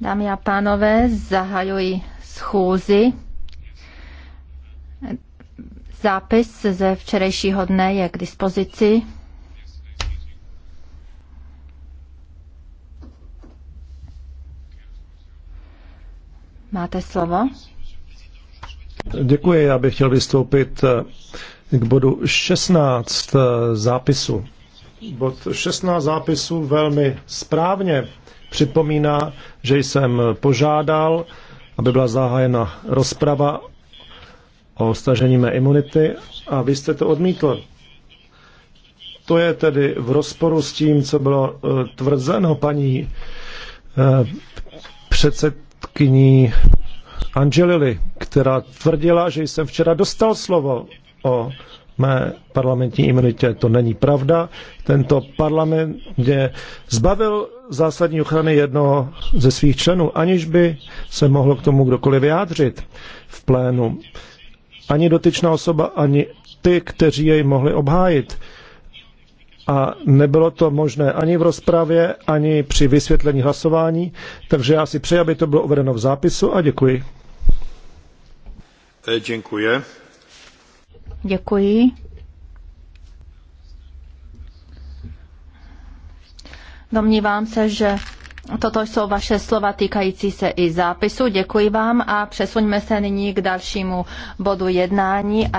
Dámy a pánové, zahajuji schůzi. Zápis ze včerejšího dne je k dispozici. Máte slovo? Děkuji, já bych chtěl vystoupit eh, k bodu 16 eh, zápisu. Bod 16 zápisu velmi správně připomíná, že jsem požádal, aby byla zahájena rozprava o stažení mé imunity a vy jste to odmítl. To je tedy v rozporu s tím, co bylo eh, tvrzeno paní eh, předsedkyní Angelili, která tvrdila, že jsem včera dostal slovo o mé parlamentní imunitě. To není pravda. Tento parlament mě zbavil zásadní ochrany jednoho ze svých členů, aniž by se mohlo k tomu kdokoliv vyjádřit v plénu. Ani dotyčná osoba, ani ty, kteří jej mohli obhájit. A nebylo to možné ani v rozpravě, ani při vysvětlení hlasování, takže já si přeji, aby to bylo uvedeno v zápisu a děkuji. E, děkuji. Děkuji. Domnívám se, že toto jsou vaše slova týkající se i zápisu. Děkuji vám a přesuňme se nyní k dalšímu bodu jednání a